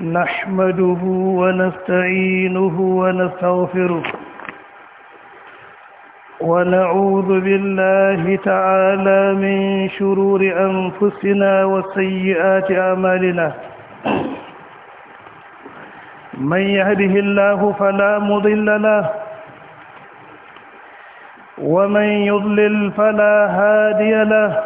نحمده ونستعينه ونستغفره ونعوذ بالله تعالى من شرور أنفسنا وسيئات أعمالنا من يهده الله فلا مضل له ومن يضلل فلا هادي له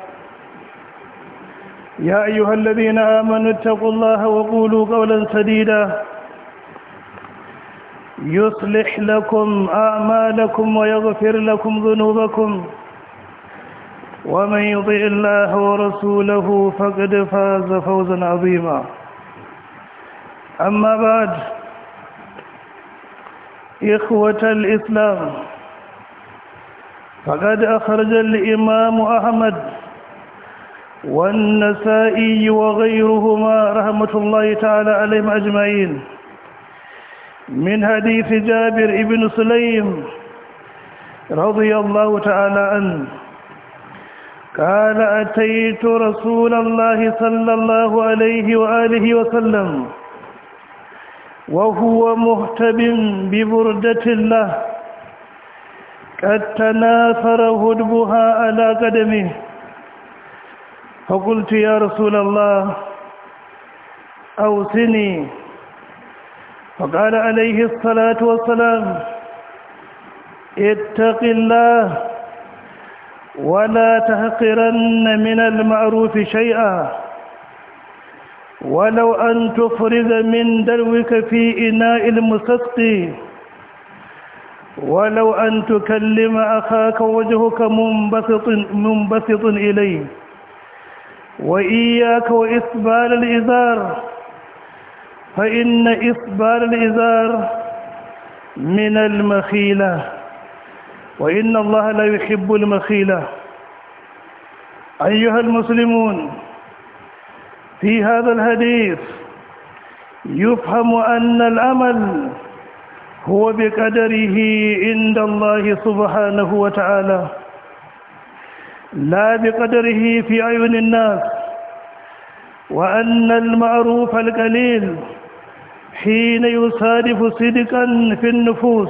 يا أيها الذين آمنوا اتقوا الله وقولوا قولا سديدا يصلح لكم أعمالكم ويغفر لكم ذنوبكم ومن يطع الله ورسوله فقد فاز فوزا عظيما أما بعد إخوة الإسلام فقد أخرج الإمام أحمد والنسائي وغيرهما رحمة الله تعالى عليهم أجمعين من حديث جابر بن سليم رضي الله تعالى عنه قال أتيت رسول الله صلى الله عليه وآله وسلم وهو مهتب ببردة الله قد تناثر هدبها على قدمه فقلت يا رسول الله أوسني فقال عليه الصلاة والسلام اتق الله ولا تحقرن من المعروف شيئا ولو أن تفرز من دلوك في إناء المستسقي ولو أن تكلم أخاك وجهك منبسط, منبسط إليه وإياك وإسبال الإزار فإن إسبال الإزار من المخيلة وإن الله لا يحب المخيلة أيها المسلمون في هذا الحديث يفهم أن الأمل هو بقدره عند الله سبحانه وتعالى لا بقدره في عيون الناس وأن المعروف القليل حين يصادف صدقا في النفوس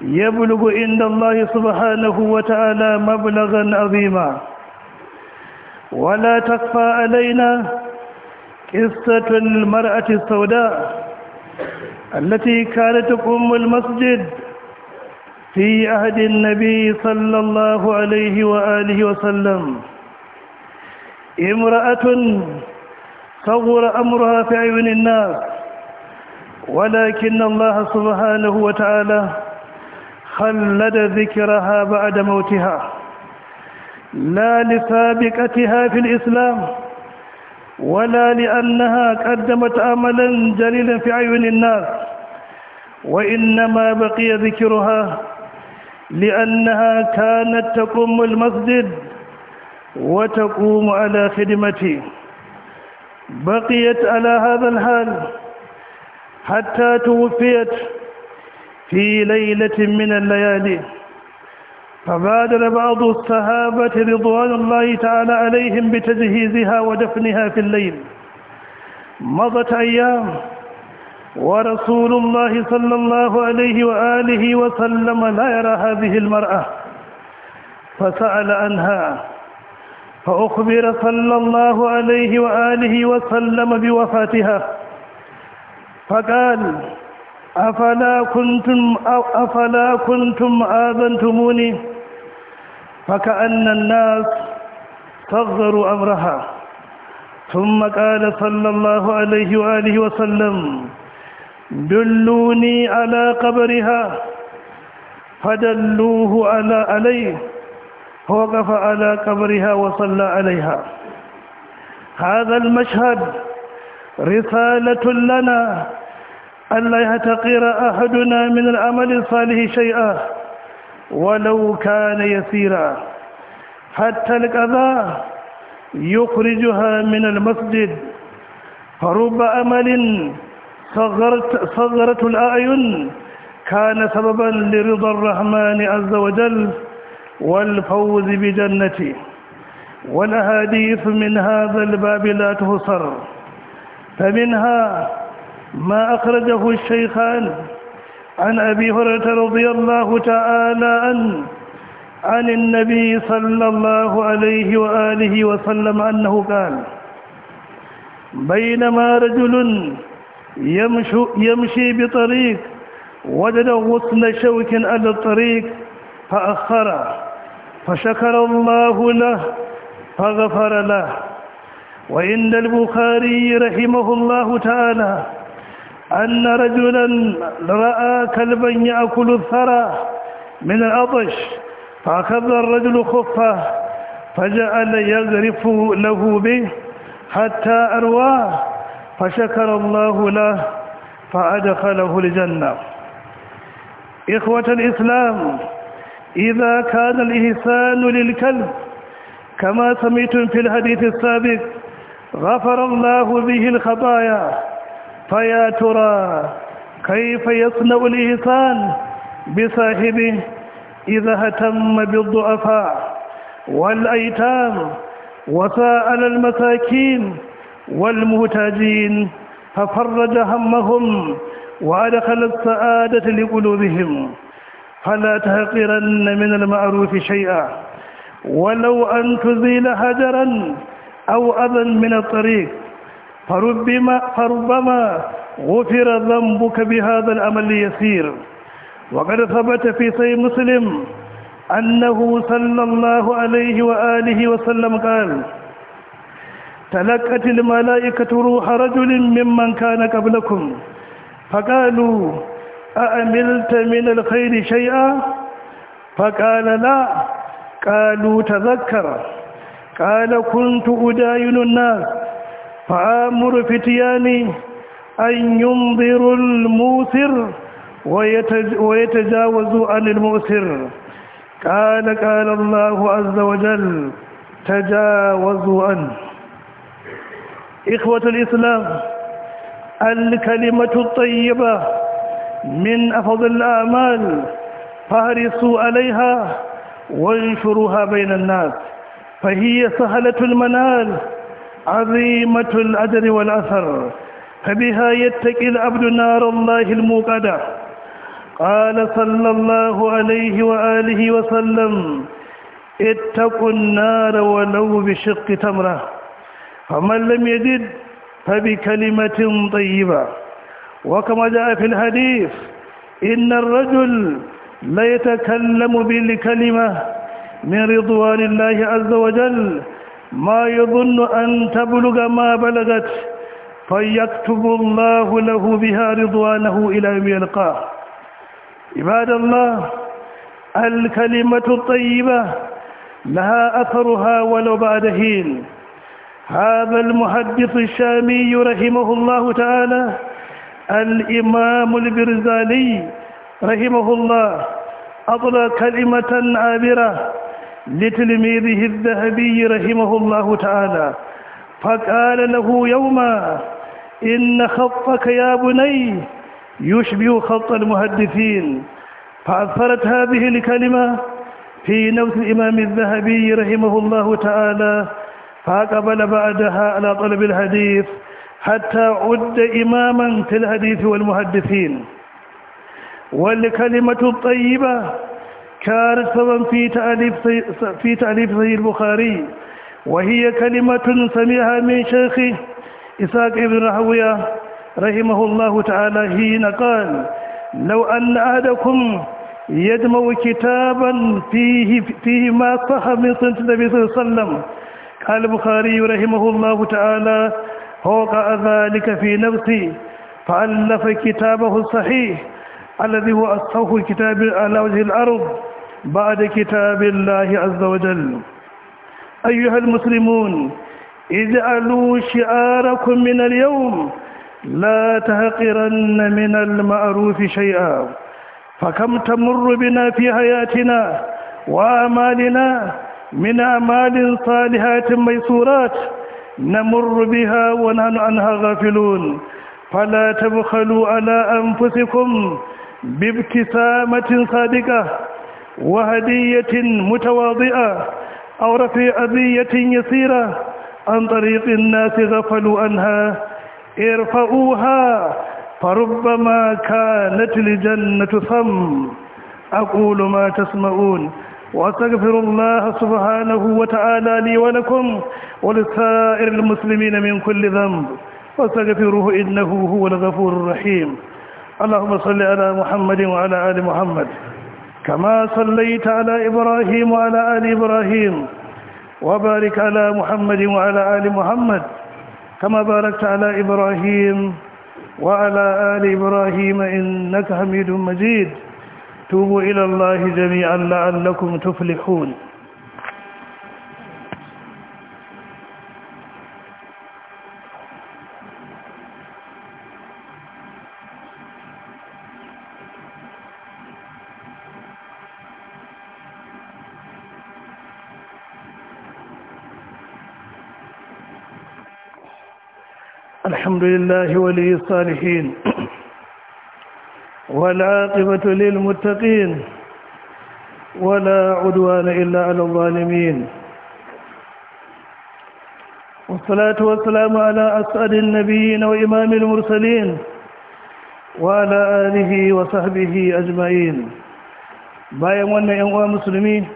يبلغ عند الله سبحانه وتعالى مبلغا عظيما ولا تخفى علينا قصة المرأة السوداء التي كانت تقوم المسجد في عهد النبي صلى الله عليه وآله وسلم امرأة صور أمرها في عيون الناس ولكن الله سبحانه وتعالى خلد ذكرها بعد موتها لا لسابقتها في الإسلام ولا لأنها قدمت عملا جليلا في عيون الناس وإنما بقي ذكرها لأنها كانت تقوم المسجد وتقوم على خدمتي بقيت على هذا الحال حتى توفيت في ليلة من الليالي فبادر بعض الصحابة رضوان الله تعالى عليهم بتجهيزها ودفنها في الليل مضت أيام ورسول الله صلى الله عليه وآله وسلم لا يرى هذه المرأة فسأل عنها فأخبر صلى الله عليه وآله وسلم بوفاتها فقال أفلا كنتم أفلا كنتم آذنتموني فكأن الناس صغروا أمرها ثم قال صلى الله عليه وآله وسلم دلوني على قبرها فدلوه على عليه فوقف على قبرها وصلى عليها هذا المشهد رسالة لنا أن لا يتقير أحدنا من العمل الصالح شيئا ولو كان يسيرا حتى القضاء يخرجها من المسجد فرب أمل صغرت, صغرت الأعين كان سببا لرضا الرحمن عز وجل والفوز بجنته والأحاديث من هذا الباب لا تهصر فمنها ما أخرجه الشيخان عن أبي هريرة رضي الله تعالى عن عن النبي صلى الله عليه وآله وسلم أنه قال بينما رجل يمشي بطريق وجد غصن شوك على الطريق فأخره فشكر الله له فغفر له وإن البخاري رحمه الله تعالى أن رجلا رأى كلبا يأكل الثرى من العطش فأخذ الرجل خفه فجعل يغرف له به حتى أرواه فشكر الله له فأدخله الجنة إخوة الإسلام إذا كان الإحسان للكلب كما سمعتم في الحديث السابق غفر الله به الخطايا فيا ترى كيف يصنع الإحسان بصاحبه إذا اهتم بالضعفاء والأيتام وساءل المساكين والمهتاجين ففرج همهم وأدخل السعادة لقلوبهم فلا تهقرن من المعروف شيئا ولو أن تزيل هجرا أو أذى من الطريق فربما, فربما غفر ذنبك بهذا الأمل اليسير وقد ثبت في صحيح مسلم أنه صلى الله عليه وآله وسلم قال تلقت الملائكة روح رجل ممن كان قبلكم فقالوا أأملت من الخير شيئا فقال لا قالوا تذكر قال كنت أداين الناس فآمر فتياني أن ينظروا الموسر ويتجاوزوا عن المؤسر قال قال الله عز وجل تجاوزوا عنه إخوة الإسلام الكلمة الطيبة من أفضل الأعمال فارسوا عليها وانشروها بين الناس فهي سهلة المنال عظيمة الأجر والأثر فبها يتقي العبد نار الله الموقدة قال صلى الله عليه وآله وسلم اتقوا النار ولو بشق تمره فمن لم يجد فبكلمة طيبة وكما جاء في الحديث إن الرجل ليتكلم بالكلمة من رضوان الله عز وجل ما يظن أن تبلغ ما بلغت فيكتب الله له بها رضوانه إلى يوم يلقاه عباد الله الكلمة الطيبة لها أثرها ولو بعد حين هذا المحدث الشامي رحمه الله تعالى الإمام البرزالي رحمه الله أطلق كلمة عابرة لتلميذه الذهبي رحمه الله تعالى فقال له يوما إن خطك يا بني يشبه خط المحدثين فأثرت هذه الكلمة في نفس الإمام الذهبي رحمه الله تعالى فأقبل بعدها على طلب الحديث حتى عد إماما في الحديث والمحدثين والكلمة الطيبة كانت سببا في تأليف في تأليف صحيح البخاري وهي كلمة سمعها من شيخه إسحاق بن راهوية رحمه الله تعالى حين قال لو أن أحدكم يدمو كتابا فيه فيه ما صح من سنة النبي صلى الله عليه وسلم قال البخاري رحمه الله تعالى فوقع ذلك في نفسي فألف كتابه الصحيح الذي هو أصحف الكتاب على وجه الأرض بعد كتاب الله عز وجل أيها المسلمون اجعلوا شعاركم من اليوم لا تهقرن من المعروف شيئا فكم تمر بنا في حياتنا وأعمالنا من أعمال صالحات ميسورات نمر بها ونحن عنها غافلون فلا تبخلوا على أنفسكم بابتسامة صادقة وهدية متواضعة أو رفيع أذية يسيرة عن طريق الناس غفلوا عنها ارفعوها فربما كانت الجنة صم أقول ما تسمعون وأستغفر الله سبحانه وتعالى لي ولكم ولسائر المسلمين من كل ذنب واستغفره إنه هو الغفور الرحيم اللهم صل على محمد وعلى آل محمد كما صليت على إبراهيم وعلى آل إبراهيم وبارك على محمد وعلى آل محمد كما باركت على إبراهيم وعلى آل إبراهيم إنك حميد مجيد توبوا إلى الله جميعا لعلكم تفلحون الحمد لله ولي الصالحين والعاقبة للمتقين ولا عدوان إلا على الظالمين والصلاة والسلام على أسعد النبيين وإمام المرسلين وعلى آله وصحبه أجمعين bayan wannan ‘yan uwa musulmi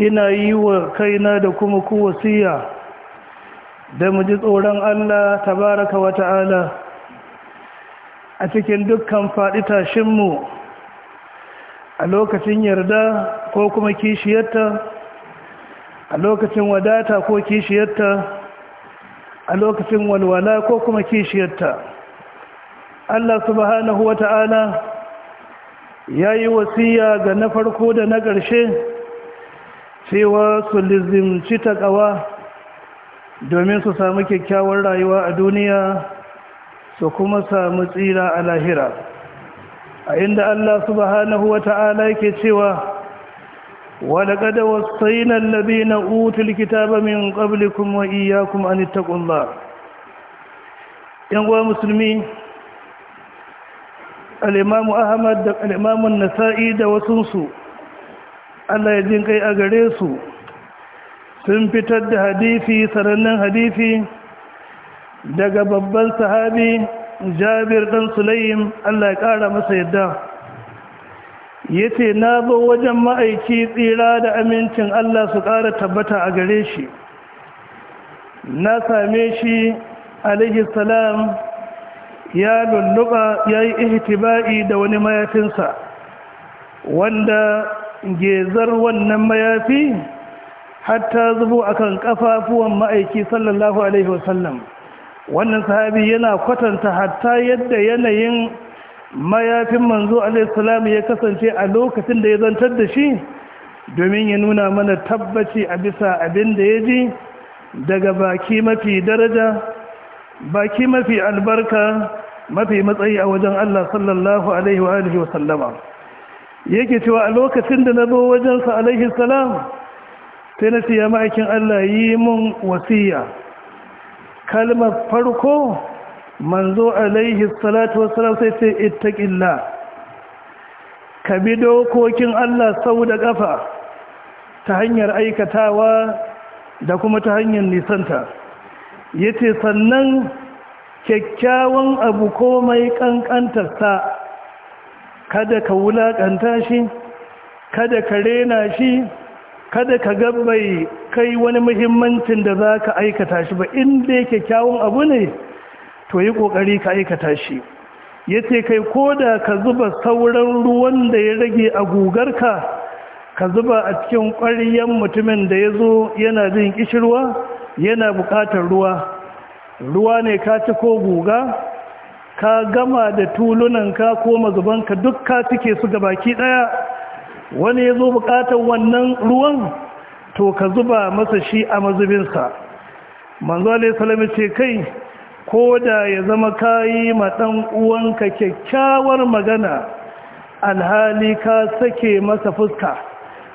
ina yi wa kaina da kuma kowasiya da mu ji tsoron Allah tabaraka wa ta'ala a cikin dukkan faɗi tashinmu a lokacin yarda ko kuma kishiyarta a lokacin wadata ko kishiyarta a lokacin walwala ko kuma kishiyarta Allah subhanahu wa ta'ala ya yi wasiya ga na farko da na ƙarshe cewa su ta ƙawa domin su samu kyakkyawar rayuwa a duniya da kuma samu tsira a lahira a inda Allah subhanahu wa ta'ala yake cewa wala qad wasayna alladhina utul kitaba min qablikum wa iyyakum an taqullah yango muslimi al-imam ahmad da al-imam an-nasa'i da wasunsu Allah ya jin kai a gare su sun fitar da hadisi sarannan hadisi daga babban sahabi jabir dan Sulayim, Allah ya kara masa yadda yace na zo wajen ma'aiki tsira da amincin Allah su kara tabbata a gare shi na same shi alaihi salam ya lulluɓa ya yi ihtiba'i da wani mayafinsa wanda gezar wannan mayafi hatta zubo akan kafafuwan ma'aiki sallallahu alaihi wasallam wannan sahabi yana kwatanta hatta yadda yanayin mayafin manzo alaihissalam ya kasance a lokacin da ya zantar da shi domin ya nuna mana tabbaci a bisa abin da ya ji daga baki mafi daraja baki mafi albarka mafi matsayi a wajen Allah sallallahu alaihi wa alihi wa sallama yake cewa a lokacin da na zo wajensa alaihi sai na siya ma'aikin Allah yi mun wasiya kalmar farko manzo alaihi salatu wasalam sai ce ittaqilla ka bi dokokin Allah sau da kafa ta hanyar aikatawa da kuma ta hanyar nisanta yace sannan kyakkyawan abu komai kankantarsa kada ka wulakanta shi kada ka rena shi kada ka ga bai kai wani muhimmancin da za ka aikata shi ba inda yake kyawun abu ne to yi ƙoƙari ka aikata shi ya ce kai ko da ka zuba sauran ruwan da ya rage a gugarka ka zuba a cikin ƙwaryen mutumin da ya zo yana jin ƙishirwa yana buƙatar ruwa ruwa ne ka ci ko guga ka gama da tulunanka ko mazubanka duk ka cike su baki ɗaya wani ya zo bukatar wannan ruwan to ka zuba masa shi a mazubinsa manzo salami ce kai ko da ya zama kayi ma ɗan uwanka kyakkyawar magana alhali ka sake masa fuska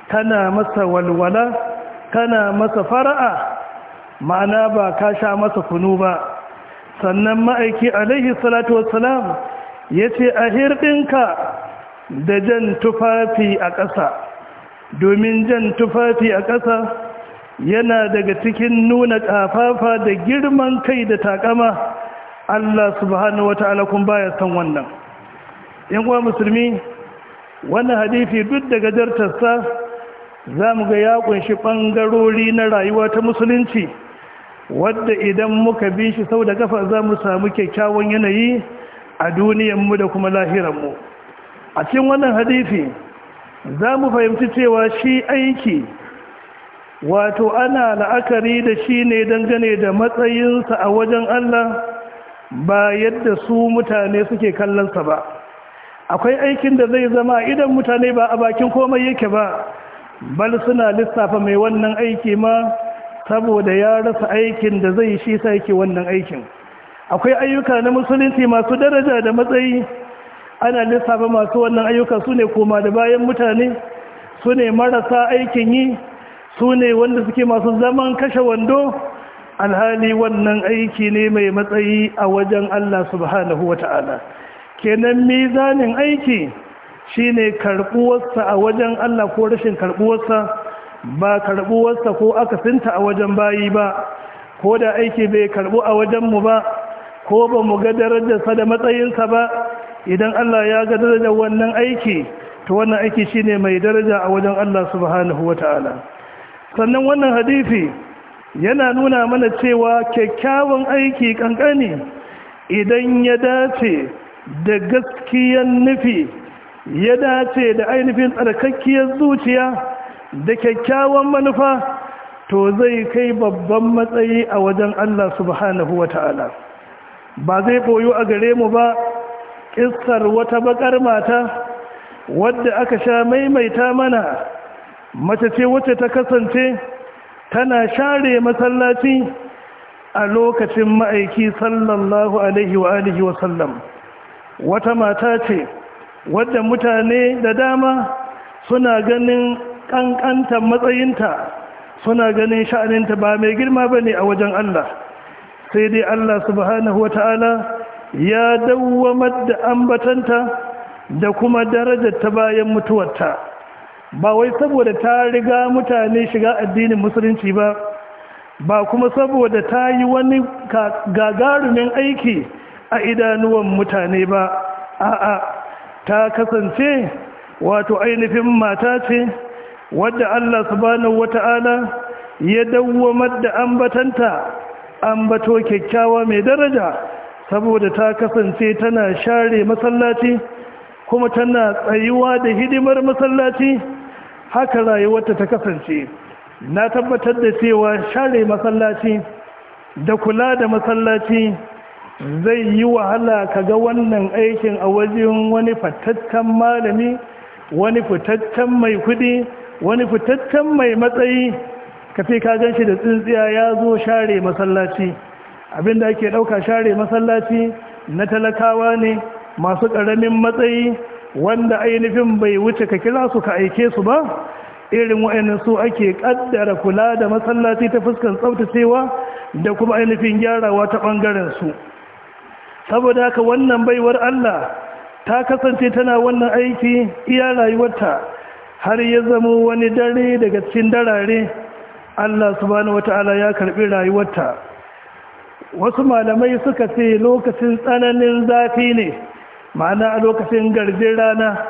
kana masa walwala kana masa fara'a ma'ana ba ka sha masa kunu ba sannan ma'aiki alaihi salatu wassalam ya ce a hirɗinka da jan tufafi a ƙasa domin jan tufafi a ƙasa yana daga cikin nuna ƙafafa da girman kai da takama Allah subhanahu wa ta'ala kun baya san wannan yan uwa musulmi wannan hadisi duk daga jartarsa za mu ga ya kunshi ɓangarori na rayuwa ta musulunci wadda idan muka bi shi sau da kafa za mu samu kyakkyawan yanayi a duniyanmu da kuma lahiranmu. a cikin wannan hadisi za mu fahimci cewa shi aiki wato ana la'akari da shi ne dangane da matsayinsa a wajen Allah ba yadda su mutane suke kallonsa ba akwai aikin da zai zama idan mutane ba a bakin komai yake ba bal suna lissafa mai wannan aiki ma saboda ya rasa aikin da zai shi sa yake wannan aikin akwai ayyuka na musulunci masu daraja da matsayi ana lissafa masu wannan ayyuka su ne koma da bayan mutane su ne marasa aikin yi su ne wanda suke masu zaman kashe wando alhali wannan aiki ne mai matsayi a wajen Allah subhanahu wa ta'ala kenan mizanin aiki shine karɓuwarsa a wajen Allah ko rashin karɓuwarsa ba karɓuwarsa ko aka finta a wajen bayi ba ko da aiki bai karɓu a wajenmu ba ko ba mu ga darajarsa da matsayinsa ba idan Allah ya ga daraja wannan aiki to wannan aiki shine mai daraja a wajen Allah subhanahu wataala sannan wannan hadisi yana nuna mana cewa kyakkyawan aiki kankani idan ya dace da gaskiyan nufi ya dace da ainihin tsarkakkiyar zuciya da kyakkyawan manufa to zai kai babban matsayi a wajen Allah subhanahu wa ta'ala ba zai koyo a gare mu ba Kissar wata bakar mata wadda aka sha maimaita mana mace ce wacce ta kasance tana share masallaci a lokacin ma'aiki sallallahu alaihi wa alihi wa sallam wata mata ce wadda mutane da dama suna ganin ƙanƙantar matsayinta suna ganin sha'aninta ba mai girma ba ne a wajen Allah sai dai Allah subhanahu wa ta'ala ya dawwamar da ambatanta da kuma darajar ta bayan mutuwarta ba wai saboda ta riga mutane shiga addinin musulunci ba ba kuma saboda ta yi wani gagarumin aiki a idanuwan mutane ba a'a ta kasance wato ainihin mata ce wadda Allah subhanahu wata'ala ya dawwamar da ambatanta ambato kyakkyawa mai daraja saboda ta kasance tana share masallaci kuma tana tsayuwa da hidimar masallaci haka rayuwarta ta kasance na tabbatar da cewa share masallaci da kula da masallaci zai yi wahala kaga wannan aikin a wajen wani fataccen malami wani fitaccen mai kudi wani fitaccen mai matsayi ka ka gan shi da tsintsiya ya zo share masallaci abinda ake ɗauka share masallaci na talakawa ne masu ƙaramin matsayi wanda ainihin bai wuce ka kira su ka aike su ba irin wa'annan su ake ƙaddara kula da masallaci ta fuskan tsaftacewa da kuma ainihin gyarawa ta ɓangaren su saboda haka wannan baiwar Allah ta kasance tana wannan aiki iya rayuwarta har ya zama wani dare daga cikin darare Allah subhanahu wata'ala ya karɓi rayuwarta wasu malamai suka ce lokacin tsananin zafi ne ma'ana a lokacin garjin rana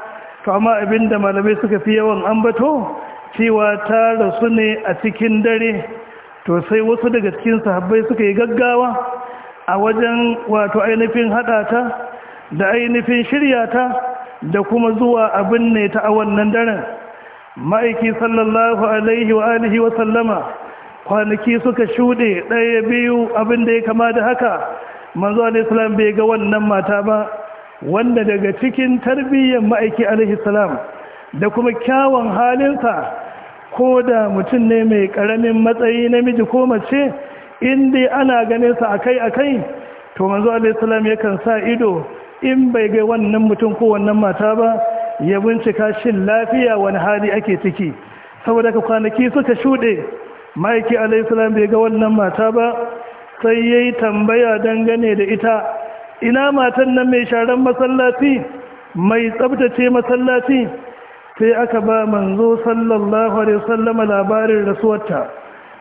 to amma abinda malamai suka fi yawan ambato cewa ta rasu ne a cikin dare to sai wasu daga cikin sahabbai suka yi gaggawa a wajen wato ainihin haɗata da ainihin shirya ta da kuma zuwa abin ne ta a wannan daren ma'aiki sallallahu alaihi wa alihi wa sallama kwanaki suka shuɗe ɗaya biyu abin da ya kama da haka manzo alaihissalam bai ga wannan mata ba wanda daga cikin tarbiyyar ma'aiki alaihissalam da kuma kyawun halinsa ko da mutum ne mai ƙaramin matsayi namiji ko mace inda ana ganin sa akai-akai to manzo alaihissalam yakan sa ido in bai ga wannan mutum ko wannan mata ba ya bincika shin lafiya wani hali ake ciki saboda ka kwanaki suka shuɗe maiki alaihissalam bai ga wannan mata ba sai ya yi tambaya dangane da ita ina matan nan mai sharan masallaci mai tsabtace masallaci sai aka ba manzo sallallahu alaihi wasallam labarin rasuwarta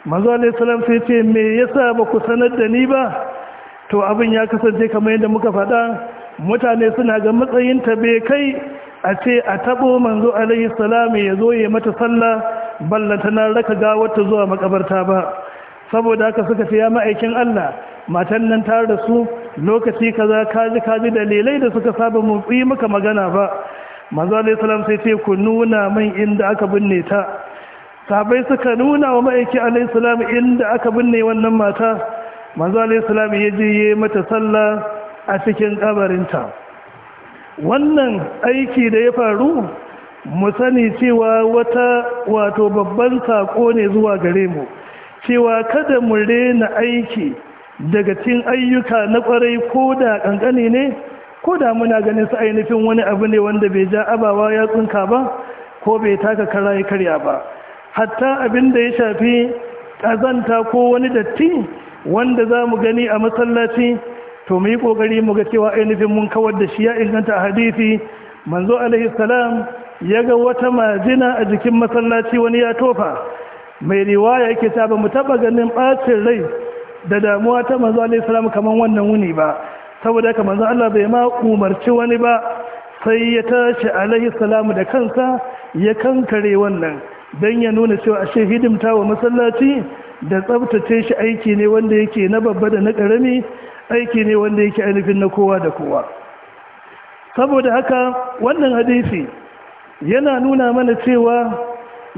manzo alaihi salam sai ce me yasa ba ku sanar da ni ba to abin ya kasance kamar yadda muka faɗa mutane suna ga matsayin ta bai kai a ce a taɓo manzo alaihi salam ya zo ya mata sallah ballata na raka gawarta zuwa makabarta ba saboda haka suka fiya ma'aikin Allah matan nan tare da su lokaci kaza kaji kaji dalilai da suka saba mu yi maka magana ba manzo alaihi salam sai ce ku nuna min inda aka binne ta sabai suka nuna wa ma'aiki alaihi salam inda aka binne wannan mata manzo alaihi salam ya je yi mata sallah a cikin ta wannan aiki da ya faru mu sani cewa wata wato babban sako ne zuwa gare mu cewa kada mu rena aiki daga cikin ayyuka na kwarai ko da kankani ne ko da muna ganin su ainihin wani abu ne wanda bai ja abawa ya tsinka ba ko bai taka kara ya karya ba hatta abin da ya shafi kazanta ko wani datti wanda za mu gani a masallaci to mu yi kokari mu ga cewa ainihin mun kawar da shi ya inganta a hadisi manzo alaihi salam ya ga wata majina a jikin masallaci wani ya tofa mai riwaya yake ta ba mu taba ganin ɓacin rai da damuwa ta manzo alaihi salam kaman wannan wuni ba saboda haka manzo Allah bai ma umarci wani ba sai ya tashi alaihi salam da kansa ya kankare wannan dan ya nuna cewa a ashe hidimta wa masallaci da tsabtace shi aiki ne wanda yake na babba da na karami aiki ne wanda yake ainihin na kowa da kowa saboda haka wannan hadisi yana nuna mana cewa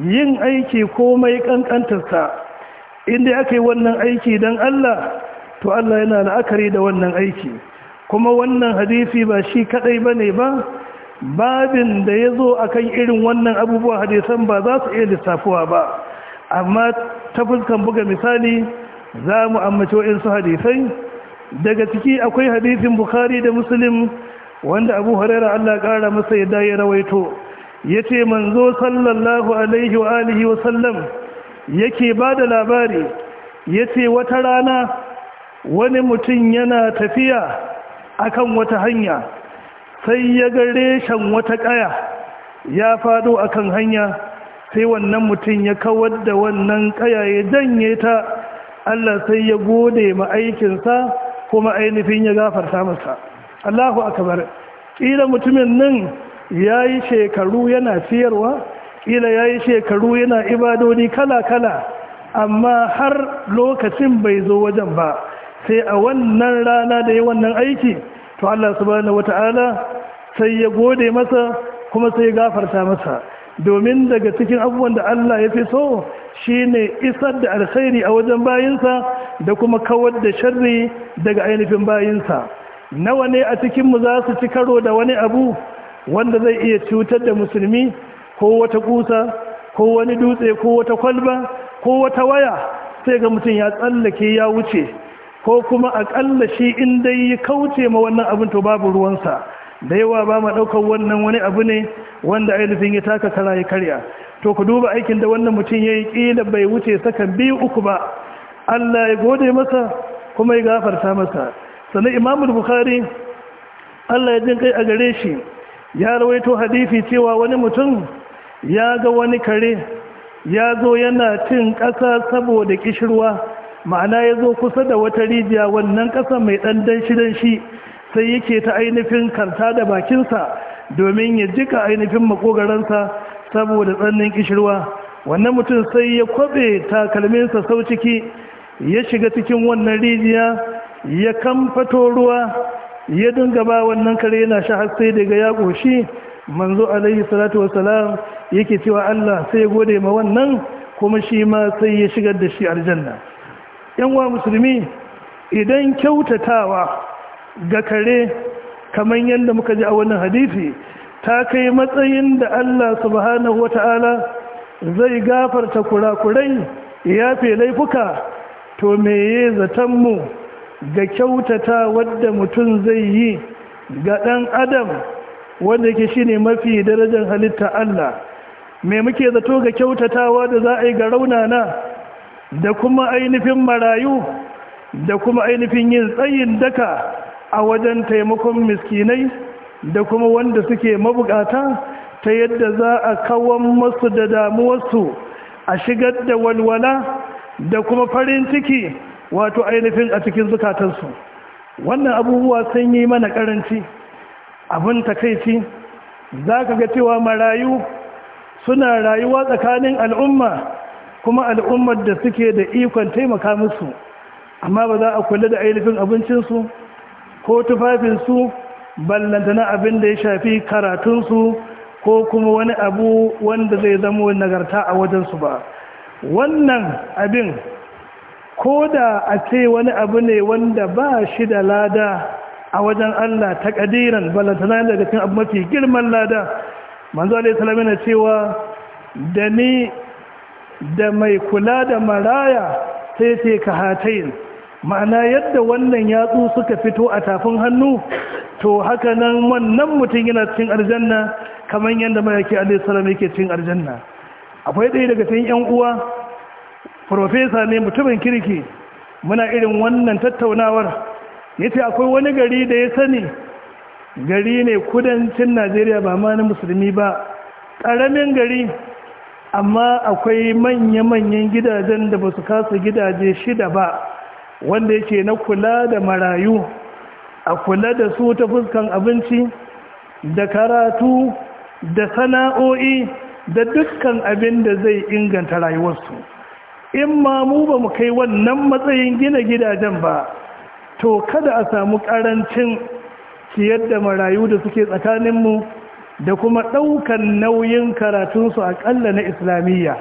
yin aiki komai kankantarsa inda aka yi wannan aiki don Allah to Allah yana la'akari da wannan aiki kuma wannan hadisi ba shi kadai ba ne ba babin da ya zo a kan irin wannan abubuwa hadisan ba za su iya lissafuwa ba amma ta fuskan buga misali za mu ammaci waɗansu hadisai daga ciki akwai hadisin bukhari da muslim wanda abu harera allah ƙara masa ya ya rawaito ya ce manzo sallallahu alaihi wa alihi wa sallam yake ba da labari ya ce wata rana wani mutum yana tafiya akan wata hanya sai ya ga reshen wata ƙaya ya fado akan hanya sai wannan mutum ya kawar da wannan ƙaya ya janye ta Allah sai ya gode ma aikinsa kuma ainihin ya gafarta masa Allahu akbar ƙila mutumin nan ya yi shekaru yana siyarwa Ila ya yi shekaru yana ibadoni kala-kala amma har lokacin bai zo wajen ba sai a wannan rana da ya wannan aiki to Allah subhanahu wata'ala sai ya gode masa kuma sai ya gafarta masa domin daga cikin abubuwan da Allah ya fi so shine isar da alkhairi a wajen bayinsa da kuma kawar da sharri daga ainihin bayinsa nawa ne a cikinmu za su ci karo da wani abu wanda zai iya cutar da musulmi ko wata kusa ko wani dutse ko wata kwalba ko wata waya sai ga mutum ya tsallake ya wuce ko kuma ƙalla shi in dai ya kauce ma wannan abin to babu ruwansa da yawa ba ma ɗaukar wannan wani abu ne wanda ainihin ya taka kara ya karya to ku duba aikin da wannan mutum ya yi ƙila bai wuce sakan biyu uku ba allah ya gode masa kuma ya gafarta masa sannan imamul bukhari allah ya jin kai a gare shi ya rawaito hadifi cewa wani mutum ya ga wani kare ya zo yana cin ƙasa saboda kishirwa ma'ana ya zo kusa da wata rijiya wannan ƙasa mai ɗan danshi-danshi sai yake ta ainihin karta da bakinsa domin ya jika ainihin makogaransa saboda tsannin kishirwa wannan mutum sai ya kwabe takalminsa sau ciki ya shiga cikin wannan rijiya ya kamfato ruwa ya dinga ba wannan kare yana sha har sai daga ya ƙoshi manzo alaihi salatu wasalam yake cewa Allah sai ya gode ma wannan kuma shi ma sai ya shigar da shi aljanna yan wa musulmi idan kyautatawa ga kare kamar yadda muka ji a wannan hadisi ta kai matsayin da Allah subhanahu wata'ala zai gafarta kurakurai ya fi laifuka to meye zaton mu ga kyautata wadda mutum zai yi ga ɗan adam wanda shi ne mafi darajar halitta Allah me muke zato ga kyautatawa da za a yi ga raunana da kuma ainihin marayu da kuma ainihin yin tsayin daka a wajen taimakon miskinai da kuma wanda suke mabukata ta yadda za a kawon masu da damuwarsu a shigar da walwala da kuma farin ciki wato ainihin a cikin zukatansu wannan abubuwa sun yi mana karanci abin takaici za ka ga cewa marayu suna rayuwa tsakanin al'umma kuma al'ummar da suke da ikon taimaka musu amma ba za a kula da ainihin abincinsu ko tufafinsu na abin da ya shafi karatunsu ko kuma wani abu wanda zai zama nagarta a wajensu ba wannan abin ko da a ce wani abu ne wanda ba shi da lada a wajen Allah ta ƙadiran balantana daga cin abu mafi girman lada manzo alaihi yana cewa da ni da mai kula da maraya sai sai ka hatayin ma'ana yadda wannan yatsu suka fito a tafin hannu to haka nan wannan mutum yana cin aljanna kamar yadda mai yake alaihi yake cin aljanna akwai ɗaya daga cikin yan uwa profesa ne mutumin kirki muna irin wannan tattaunawar ya ce akwai wani gari da ya sani gari ne kudancin najeriya ba ma na musulmi ba ƙaramin gari amma akwai manya-manyan gidajen da ba su kasa gidaje shida ba wanda yake na kula da marayu a kula da su ta fuskan abinci da karatu da sana'o'i da dukkan abin da zai inganta rayuwarsu in ma mu ba mu kai wannan matsayin gina gidajen ba to kada a samu karancin ciyar da marayu da suke tsakaninmu da kuma ɗaukan nauyin karatunsu aƙalla na islamiyya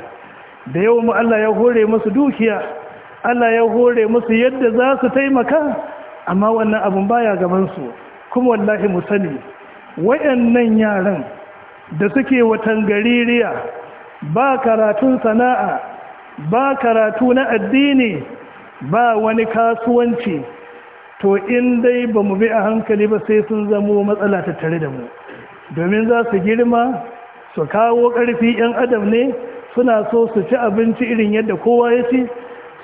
da yau mu Allah ya hore musu dukiya Allah ya hore musu yadda za su taimaka amma wannan abin baya gabansu kuma wallahi mu sani wayannan yaran da suke watan gaririya ba karatun sana'a ba karatu na addini ba wani kasuwanci to in dai ba mu bi a hankali ba sai sun zamo matsala ta tare da mu domin za su girma su kawo ƙarfi 'yan adam ne suna so su ci abinci irin yadda kowa ya ci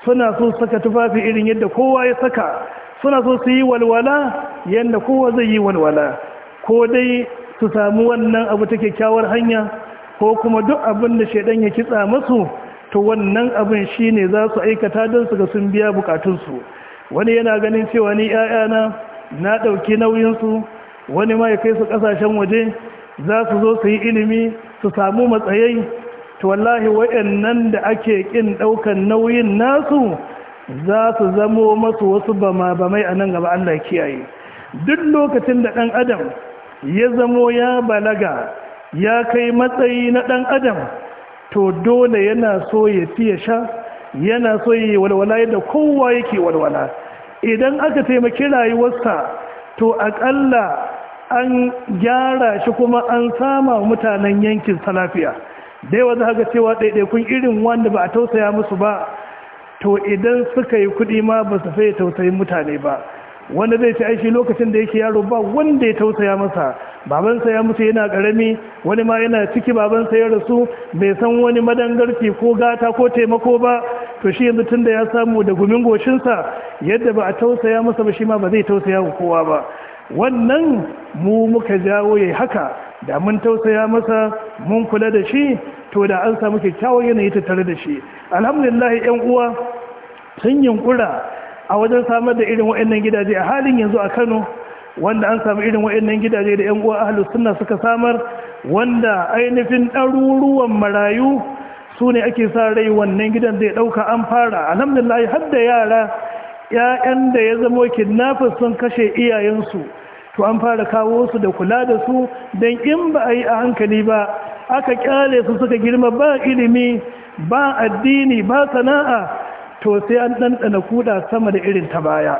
suna so su saka tufafi irin yadda kowa ya saka suna so su yi walwala yadda kowa zai yi walwala ko dai su samu wannan abu ta kyakkyawar hanya ko kuma duk abin da shaidan ya kitsa masu to wannan abin shi ne za su aikata don su ga sun biya bukatunsu wani yana ganin cewa ni 'ya'yana na ɗauki nauyinsu wani ma ya kai su ƙasashen waje za su zo su yi ilimi su samu matsayai to wallahi waɗannan da ake ƙin ɗaukan nauyin nasu za su zamo masu wasu bama bamai a nan gaba Allah kiyaye duk lokacin da ɗan adam ya zamo ya balaga ya kai matsayi na ɗan adam to dole yana so ya fiye sha yana so ya yi walwala yadda kowa yake walwala idan aka taimaki rayuwarsa to akalla an gyara shi kuma an sama mutanen yankin salafiya dai wanda haka cewa ɗaiɗaikun irin wanda ba a tausaya musu ba to idan suka yi kuɗi ma ba su faye tausayin mutane ba wanda zai ci aiki lokacin da yake yaro ba wanda ya tausaya masa babansa ya mutu yana karami wani ma yana ciki babansa ya rasu bai san wani madangarci ko gata ko taimako ba to shi yanzu tunda ya samu da gumin goshinsa yadda ba a tausaya masa ba shi ma ba zai tausaya kowa ba wannan mu muka jawo yayi haka da mun tausaya masa mun kula da shi to da an samu kyakkyawan yanayi tattare da shi alhamdulillah yan uwa sun yunkura a wajen samar da irin wa'annan gidaje a halin yanzu a Kano wanda an samu irin wa'annan gidaje da ƴan uwa ahlus sunna suka samar wanda ainihin ɗaruruwan marayu su ne ake sa rai wannan gidan zai ɗauka an fara alhamdulillah har da yara ‘ya'yan da ya zama kidnappers sun kashe iyayensu to an fara kawo su da kula da su dan in ba a yi a hankali ba aka kyale su suka girma ba ilimi ba addini ba sana'a to sai an ɗanɗana kuɗa sama da irin ta baya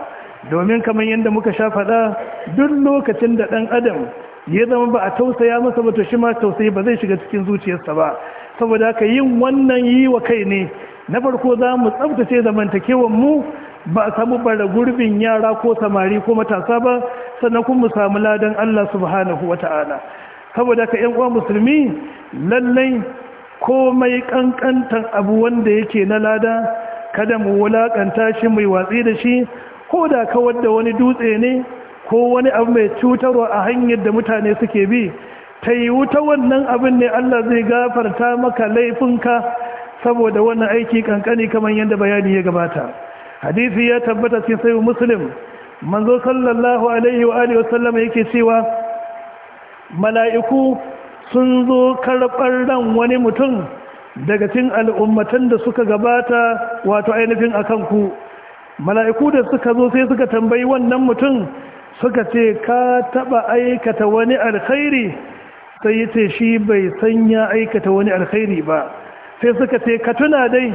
domin kamar yadda muka sha faɗa duk lokacin da ɗan adam ya zama ba a tausaya masa ba to shi ma tausayi ba zai shiga cikin zuciyarsa ba saboda haka yin wannan yi wa kai ne na farko za mu tsabtace zamantakewan mu ba a samu bara gurbin yara ko samari ko matasa ba sannan kuma mu samu ladan Allah subhanahu ta'ala saboda haka 'yan uwa musulmi lallai komai kankantan abu wanda yake na lada kada mu wulakanta shi mai watsi da shi ko da kawar da wani dutse ne ko wani abu mai cutarwa a hanyar da mutane suke bi ta yi wuta wannan abin ne Allah zai gafarta maka laifinka saboda wannan aiki kankani kamar yadda bayani ya gabata hadisi ya tabbata cikin sai muslim manzo sallallahu alaihi wa alihi wasallam yake cewa mala'iku sun zo karɓar ran wani mutum daga cikin al'ummatan da suka gabata wato ainihin akan ku mala'iku da suka zo sai suka tambayi wannan mutum suka ce ka taba aikata wani alkhairi sai ya ce shi bai san ya aikata wani alkhairi ba sai suka ce ka tuna dai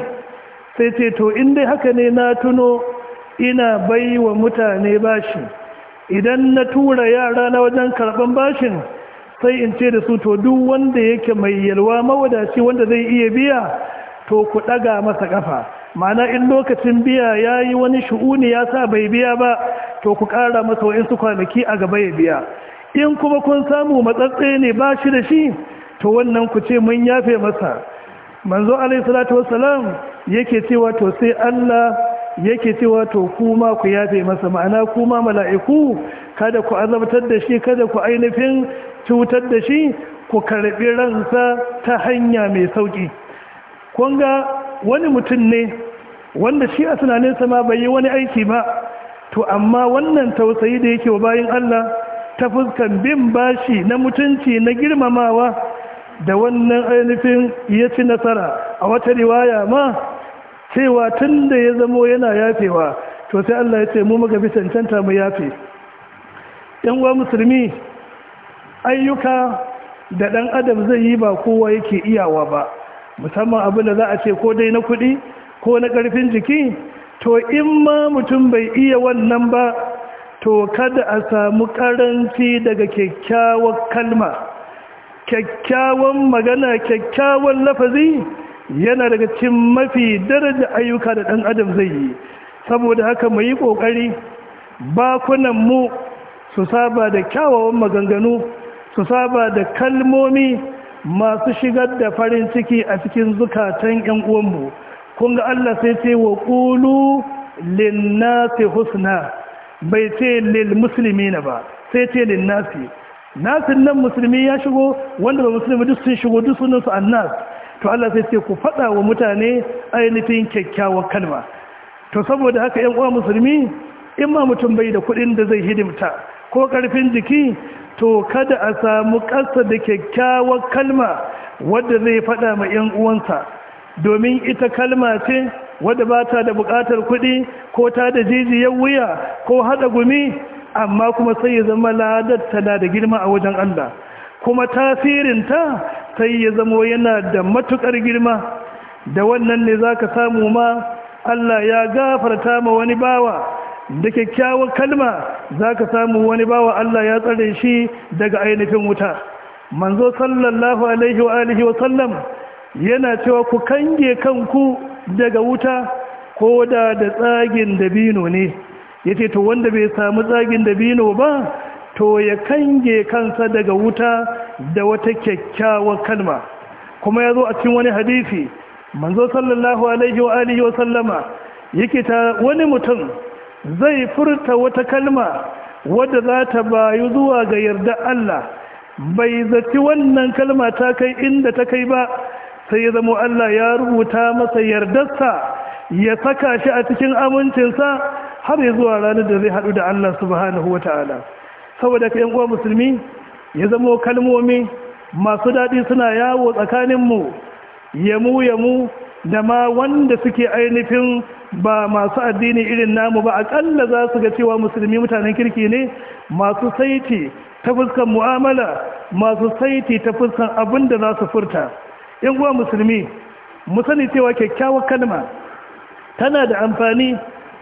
sai ce to in dai haka ne na tuno ina bai wa mutane bashi idan na tura yara na wajen karɓan bashin sai in ce da su to duk wanda yake mai yalwa mawadaci wanda zai iya biya to ku daga masa kafa ma'ana in lokacin biya ya yi wani shu'uni ya sa bai biya ba to ku kara masa su kwanaki a gaba ya biya in kuma kun samu matsatsi ne ba shi da shi to wannan ku ce mun yafe masa manzo salatu wassalam yake cewa to sai Allah yake cewa to kuma ku yafe masa ma'ana kuma mala'iku kada ku azabtar da shi kada ku ainihin cutar da shi ku karɓi ransa ta hanya mai sauƙi. Kunga wani mutum ne wanda shi a tunaninsa ma bai yi wani aiki ba to amma wannan tausayi da yake wa bayan Allah ta fuskan bin bashi na mutunci na girmamawa da wannan ainihin ya ci nasara a wata riwaya ma cewa tun da ya zamo yana yafewa to sai Allah ya ce mu muka fi cancanta mu yafe yan uwa musulmi ayyuka da ɗan adam zai yi ba kowa yake iyawa ba musamman abin da za a ce ko dai na kuɗi ko na ƙarfin jiki to in ma mutum bai iya wannan ba to kada a samu ƙaranci daga kyakkyawar kalma kyakkyawan magana kyakkyawan lafazi yana daga cikin mafi daraja ayyuka da ɗan adam zai yi saboda haka mu yi ƙoƙari bakunanmu su saba da kyawawan maganganu su saba da kalmomi masu shigar da farin ciki a cikin zukatan ‘yan uwanmu kun ga Allah sai ce wa ƙulu linnasi husna bai ce lil musulmi na ba sai ce linnasi nasin nan musulmi ya shigo wanda ba musulmi duk sun shigo duk sunansu annas to Allah sai ce ku faɗa wa mutane ainihin kyakkyawar kalma to saboda haka ‘yan uwa musulmi in ma mutum bai da kuɗin da zai hidimta ko ƙarfin jiki to kada a samu ƙasa da kyakkyawar kalma wadda zai faɗa ma 'yan uwansa domin ita kalma ce wadda ba ta da buƙatar kuɗi ko ta da jijiyar wuya ko haɗa gumi amma kuma sai ya zama ladar tana da girma a wajen Allah kuma tasirinta sai ya zama yana da matuƙar girma da wannan ne za ka samu ma Allah ya gafarta ma wani bawa da kyakkyawar kalma za ka samu wani bawa Allah ya tsare shi daga ainihin wuta manzo sallallahu alaihi wa alihi wa sallam yana cewa ku kange kanku daga wuta ko da da tsagin dabino ne Ya ce to wanda bai samu tsagin dabino ba to ya kange kansa daga wuta da wata kyakkyawar kalma kuma ya zo a cikin wani hadisi manzo sallallahu alaihi wa alihi wa sallama yake ta wani mutum zai furta wata kalma wadda za ta bayu zuwa ga yarda Allah bai zaci wannan kalma ta kai inda ta kai ba sai ya zama Allah ya rubuta masa yardarsa ya saka shi a cikin amincinsa har ya zuwa ranar da zai haɗu da Allah subhanahu wa ta'ala saboda ka uwa musulmi ya zama kalmomi masu daɗi suna yawo tsakaninmu yamu yamu da ma wanda suke ainihin ba masu addini irin namu ba aƙalla za su ga cewa musulmi mutanen kirki ne masu saiti ta fuskan mu'amala masu saiti ta fuskan abin da za su furta yan uwa musulmi musani cewa kyakkyawar kalma tana da amfani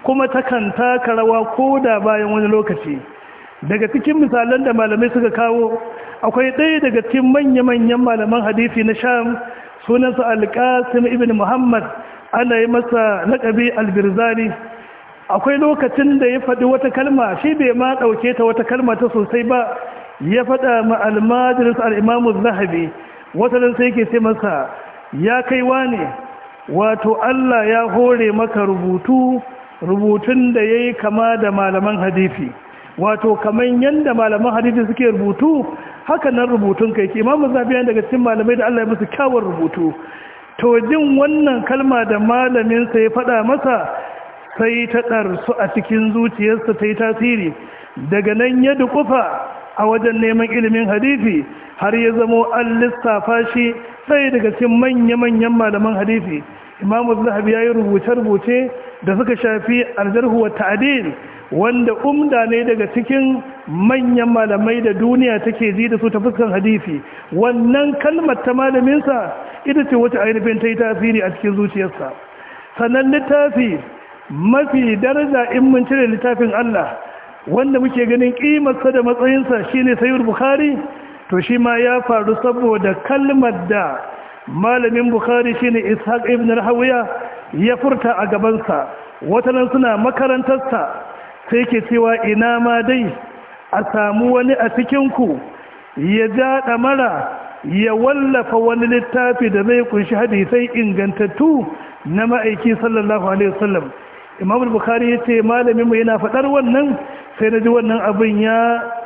kuma takan taka rawa ko da bayan wani lokaci daga cikin misalan da malamai suka kawo akwai ɗaya daga cikin manya-manyan malaman hadisi na sham sunansa alƙasim ibn muhammad ana yi masa laƙabi albirzani akwai lokacin da ya faɗi wata kalma shi bai ma ɗauke ta wata kalma ta sosai ba ya faɗa ma almajiris al'imamu zahabi wata nan sai ke sai masa ya kai ne wato allah ya hore maka rubutu rubutun da ya yi kama da malaman hadisi wato kamar yadda malaman hadisi suke rubutu haka nan rubutun kai ke imamu zafi daga cikin malamai da Allah ya musu kyawar rubutu to jin wannan kalma da malaminsa ya faɗa masa sai ta ɗarsu a cikin zuciyarsa ta yi tasiri daga nan ya dukufa a wajen neman ilimin hadisi har ya zamo an lissafa shi sai daga cikin manya-manyan malaman hadisi imam zahabi ya yi rubuce-rubuce da suka shafi aljarhu wa ta'adil wanda umda ne daga cikin manyan malamai da duniya take ji da su ta fuskan hadisi wannan kalmar ta malaminsa ita ce wata ainihin ta yi tasiri a cikin zuciyarsa Sanan littafi mafi daraja in mun cire littafin Allah wanda muke ganin ƙimarsa da matsayinsa shine sayyid bukhari to shi ma ya faru saboda kalmar da malamin bukhari shine ishaq ibn rahawiya ya furta a gabansa watanan suna makarantarsa sai ke cewa ina ma dai a samu wani a cikinku ya ja ɗamara ya wallafa wani littafi da zai kunshi hadisai ingantattu na ma'aiki sallallahu alaihi wasallam imam bukhari ya ce malaminmu yana faɗar wannan sai na ji wannan abin ya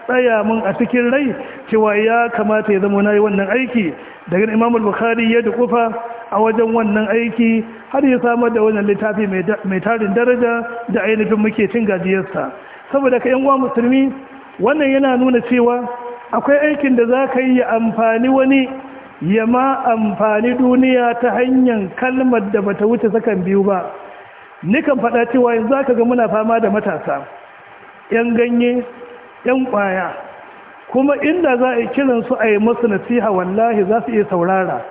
tsaya mun a cikin rai cewa ya kamata ya zama na yi wannan aiki daga imamul bukhari ya dukufa a wajen wannan aiki har ya samar da wannan littafi mai tarin daraja da ainihin muke cin gajiyarsa saboda ka uwa musulmi wannan yana nuna cewa akwai aikin da za ka yi ya amfani wani ya ma amfani duniya ta hanyar kalmar da bata wuce sakan biyu ba nikan faɗa cewa yanzu za ka ga muna fama da matasa 'yan ganye 'yan ƙwaya kuma inda za a yi kiransu a yi masu nasiha wallahi za su iya saurara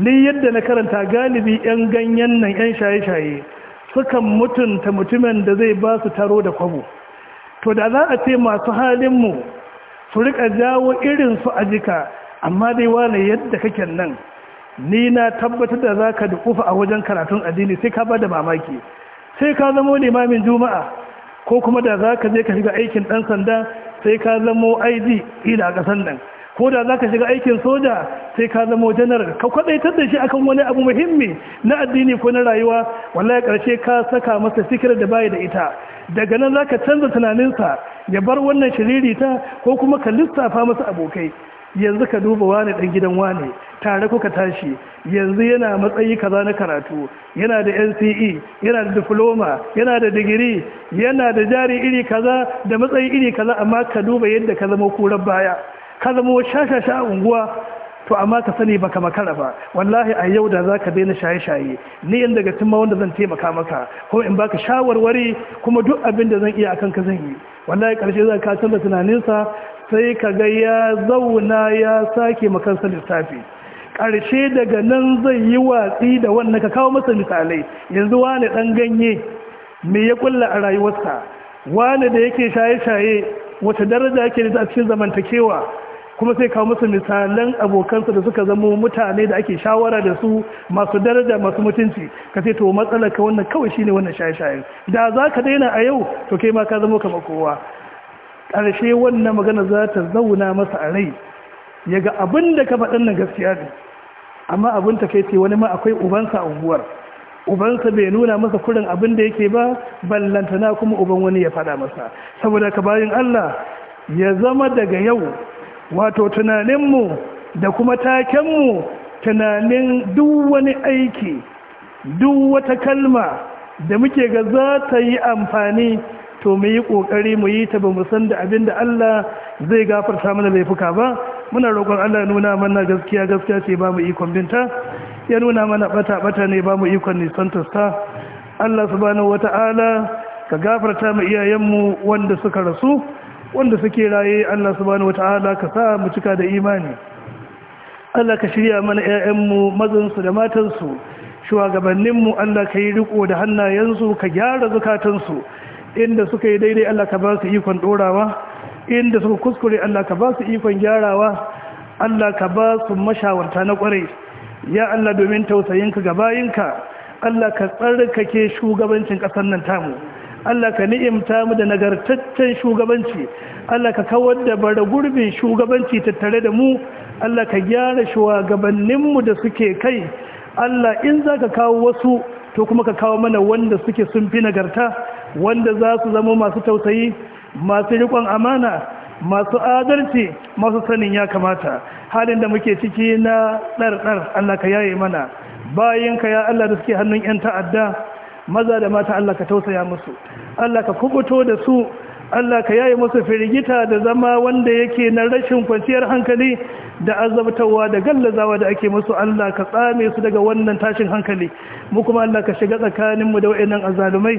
ni yadda na karanta galibi 'yan ganyen nan 'yan shaye-shaye sukan mutunta mutumin da zai ba su taro da kwabo to da za a ce masu halinmu su rika jawo irinsu a jika amma dai wane yadda kake nan ni na tabbatar da za ka dukufa a wajen karatun addini sai ka ba da mamaki sai ka zamo limamin juma'a ko kuma da za ka je ka shiga aikin ɗan sanda sai ka zamo id ila ƙasan nan ko da za ka shiga aikin soja sai ka zama janar ka kwadaitar da shi akan wani abu muhimmi na addini ko na rayuwa wallahi karshe ka saka masa fikir da baya da ita daga nan za ka canza tunaninsa ya bar wannan shiririta ko kuma ka lissafa masa abokai yanzu ka duba wani ɗan gidan wani tare kuka tashi yanzu yana matsayi kaza na karatu yana da nce yana da diploma yana da digiri yana da jari iri kaza da matsayi iri kaza amma ka duba yadda ka zama kurar baya ka zama shasha a unguwa to amma ka sani baka makara ba wallahi a yau da zaka daina shaye-shaye ni in daga cimma wanda zan taimaka maka ko in baka shawarwari kuma duk abin da zan iya akan ka zan yi wallahi karshe zan ka tunanin sa sai ka ga ya zauna ya sake san lissafi karshe daga nan zai yi watsi da wannan ka kawo masa misalai yanzu wani dan ganye me ya kulla a rayuwarsa wani da yake shaye-shaye wata daraja yake da a cikin zamantakewa kuma sai kawo musu misalan abokansa da suka zama mutane da ake shawara da su masu daraja masu mutunci ka sai to matsalar ka wannan kawai shine wannan shaye-shayen da za ka daina a yau to kai ma ka zama kamar kowa ƙarshe wannan magana za ta zauna masa a rai ya ga abin da ka faɗin nan gaskiya ne amma abin ta kai ce wani ma akwai ubansa a unguwar ubansa bai nuna masa kurin abin da yake ba ballantana kuma uban wani ya faɗa masa saboda ka bayan Allah ya zama daga yau wato tunaninmu da kuma takenmu tunanin duk wani aiki duk wata kalma da muke ga za ta yi amfani to mu yi ƙoƙari mu yi ta ba mu san da abin da Allah zai gafarta mana laifuka ba muna roƙon Allah ya nuna mana gaskiya gaskiya ce ba mu ikon binta ya nuna mana bata bata ne ba mu ikon nisantarsa Allah subhanahu wata'ala ka gafarta mu iyayenmu wanda suka rasu wanda suke raye Allah subhanahu wataala ka sa mu cika da imani Allah ka shirya mana ƴaƴanmu mazansu da matansu mu Allah ka yi riko da hannayensu ka gyara zakatansu inda suka yi daidai Allah ka ba su ikon dorawa inda suka kuskure Allah ka ba su ikon gyarawa Allah ka ba su mashawarta na kwarai ya Allah domin tausayinka ga bayinka Allah ka tsarkake shugabancin ƙasar nan tamu Allah ka ni'imta mu da nagartaccen shugabanci Allah ka kawar da bara gurbin shugabanci tattare da mu Allah ka gyara shugabanninmu da suke kai Allah in za ka kawo wasu to kuma ka kawo mana wanda suke sun fi nagarta wanda za su zama masu tausayi masu riƙon amana masu adalci masu sanin ya kamata halin da muke ciki na ɗarɗar Allah ka yaye mana bayan ka ya Allah da suke hannun 'yan ta'adda maza da mata Allah ka tausaya musu Allah ka kubuto da su Allah ka yaye musu firgita da zama wanda yake na rashin kwanciyar hankali da azabtawa da gallazawa da ake musu Allah ka tsame su daga wannan tashin hankali mu kuma Allah ka shiga tsakaninmu da wa'annan azalumai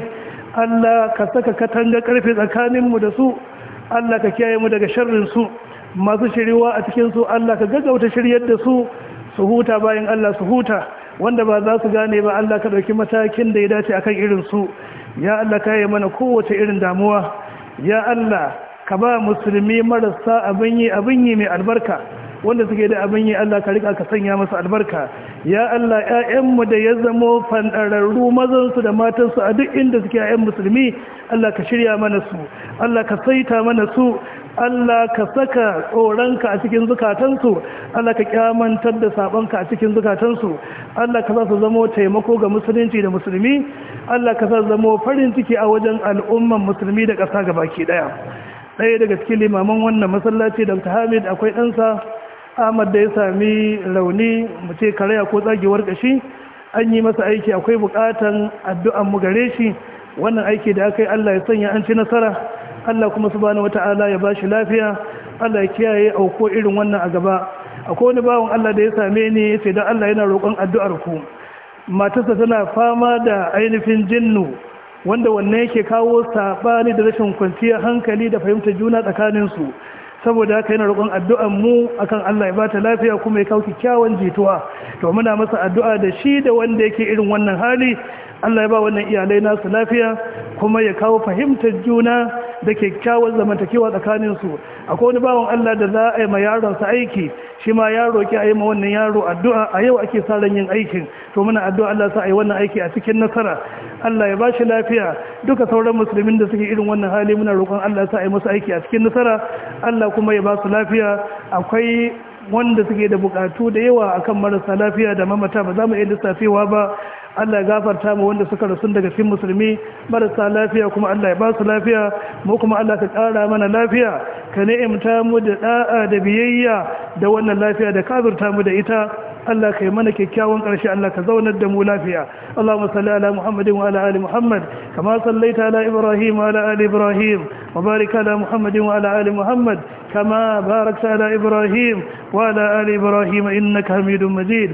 Allah ka saka katanga karfe tsakaninmu da su Allah ka kiyaye mu daga sharrin su masu shiriwa a cikin su Allah ka gaggauta shiryar da su su huta bayan Allah su huta wanda ba za su gane ba Allah ka ɗauki matakin da ya dace akan irin su ya Allah ka yi mana kowace irin damuwa ya Allah ka ba musulmi marasa abin yi abin yi mai albarka wanda suke da abin yi Allah ka rika ka sanya masa albarka ya Allah ƴaƴanmu da ya zamo fandararru su da matansu a duk inda suke ƴaƴan musulmi Allah ka shirya mana su Allah ka saita mana su Allah ka saka tsoronka a cikin zukatansu Allah ka kyamantar da sabonka a cikin zukatansu Allah ka sa su zamo taimako ga musulunci da musulmi Allah ka sa zamo farin ciki a wajen al'umman musulmi da ƙasa ga baki ɗaya Ɗaya daga cikin limaman wannan masallaci Dr. Hamid akwai ɗansa Ahmad da ya sami rauni mu ce karaya ko tsagewar ƙashi, an yi masa aiki akwai buƙatan addu'an mu gare shi wannan aiki da aka yi Allah ya sanya an ci nasara Allah kuma subhanahu wata'ala ya bashi lafiya Allah ya kiyaye auko irin wannan a gaba akwai wani bawon Allah da ya same ni sai ce Allah yana roƙon addu'ar ku matarsa tana fama da ainihin jinnu wanda wannan yake kawo saɓani da rashin kwanciyar hankali da fahimtar juna tsakaninsu saboda haka yana roƙon addu'an mu akan Allah ya ba lafiya kuma ya kawo kyakkyawan jituwa to muna masa addu'a da shi da wanda yake irin wannan hali Allah ya ba wannan iyalai nasu lafiya kuma ya kawo fahimtar juna da kyakkyawan zamantakewa tsakanin su akwai wani bawan Allah da za a yi ma yaron sa aiki shi ma yaro ki yi ma wannan yaro addu'a a yau ake sa ran yin aikin to muna addu'a Allah sa ayi wannan aiki a cikin nasara Allah ya ba shi lafiya duka sauran musulmin da suke irin wannan hali muna roƙon Allah sa ayi musu aiki a cikin nasara Allah kuma ya basu lafiya akwai wanda suke da bukatu da yawa akan marasa lafiya da mamata ba za mu iya lissafewa ba Allah ya gafarta mu wanda suka rasu daga cikin musulmi marasa lafiya kuma Allah ya ba su lafiya mu kuma Allah ka ƙara mana lafiya ka ni'imta mu da da'a da biyayya da wannan lafiya da kafirta mu da ita Allah kai mana kyakkyawan ƙarshe Allah ka zaunar da mu lafiya Allahumma salli ala Muhammadin wa ala ali Muhammad kama sallaita ala Ibrahim wa ala ali Ibrahim wa barik ala Muhammadin wa ala ali Muhammad kama barakta ala Ibrahim wa ala ali Ibrahim innaka Hamidum Majid